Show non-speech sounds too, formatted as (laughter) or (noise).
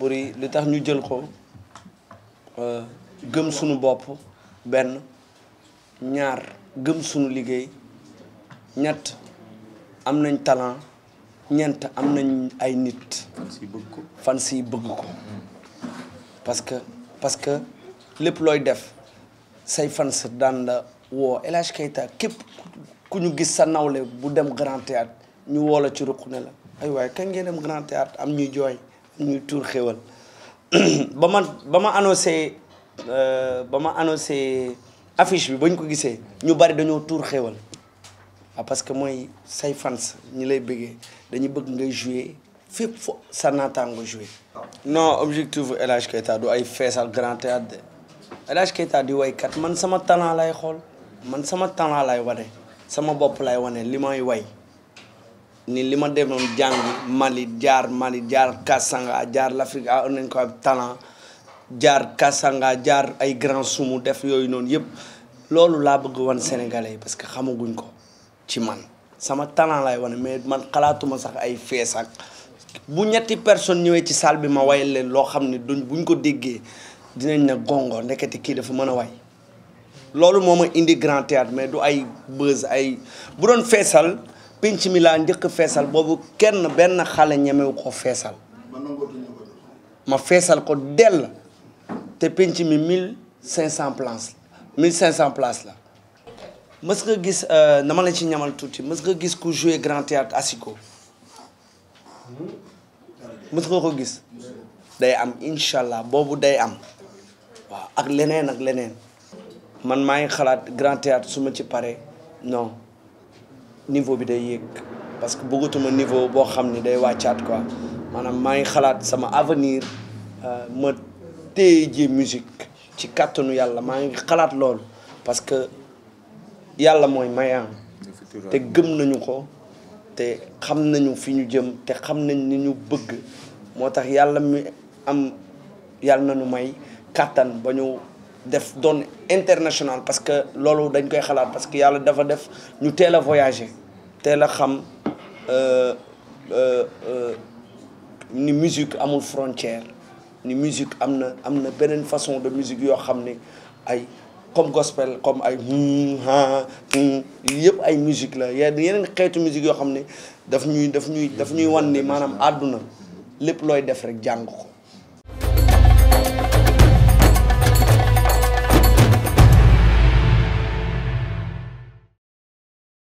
buri li tax ñu jël ko euh, gëm sunu bopp benn ñaar gëm sunu liggéey ñett am nañ talent ñeent am nañ ay nit fan si bëgg ko parce que parce que lépp looy def say fans daan la woo El Hadj Keita képp ku ñu gis sa nawle bu dem grand théâtre ñu woo la ci ruq ne la ay waaye kañ ngeen dem grand théâtre am ñuy jooy ñuy tuur xéwal (clears throat) ba ma ba ma annoncé euh, ba ma annoncé affiche bi bañ ko gisee ñu bari dañoo tuur xéwal waaw ah, parce que mooy say fans ñi lay bëggee dañuy bëgg ngay jouer fépp fo sa naataango jouer non objectif El Hadj Keita du ay feesal grand théâtre de El Hadj Keita di waykat man sama talent lay xool man sama talent lay wane sama bopp lay wane li may way ni li ma demoon jàngi Mali jaar Mali jaar kasanga jaar l'Afrique ah nañ ko ab talent jaar kasanga jaar ay grand sumu def yooyu noonu yëpp loolu laa bëgg wan sénégalais yi parce que xamaguñ ko ci man sama talent lay wane mais man xalaatuma sax ay fees ak bu ñetti personne ñëwee ci salle bi ma wayal leen loo xam ne duñ buñ ko déggee dinañ ne gongo ndekete kii dafa mën a way loolu moo indi grand théâtre mais du ay buzz ay bu doon feesal pinc mi laa njëkk a kenn ben ko fessal ma fessal ko del, té ça. mi 1500 places 1500 places la gis euh, ci ñamal gis ku jouer grand théâtre asiko mës nga ko gis day am je bobu day am Je ak leneen ak leneen man grand théâtre non niveau bi day parce que bëggatuma niveau boo xam day quoi ngi sama avenir euh, musique ci ngi parce que yàlla mooy mayaam te gëm nañu ko te xam nañu jëm te xam ni ñu bëgg mi am nañu may def international parce que loolu dañ koy parce que dafa voyager teel a xam euh, euh, euh, ni musique amul frontière ni musique amna amna benen façon de musique yo xamné ay comme gospel comme ay ha yépp ay musique la yeneen xéetu musique yo xamné daf ñuy daf ñuy daf ñuy wan ni maanaam àdduna lépp looy def rek jàng ko